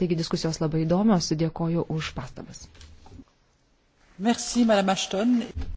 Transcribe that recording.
Taigi diskusijos labai įdomios, dėkoju už pastabas. Merci,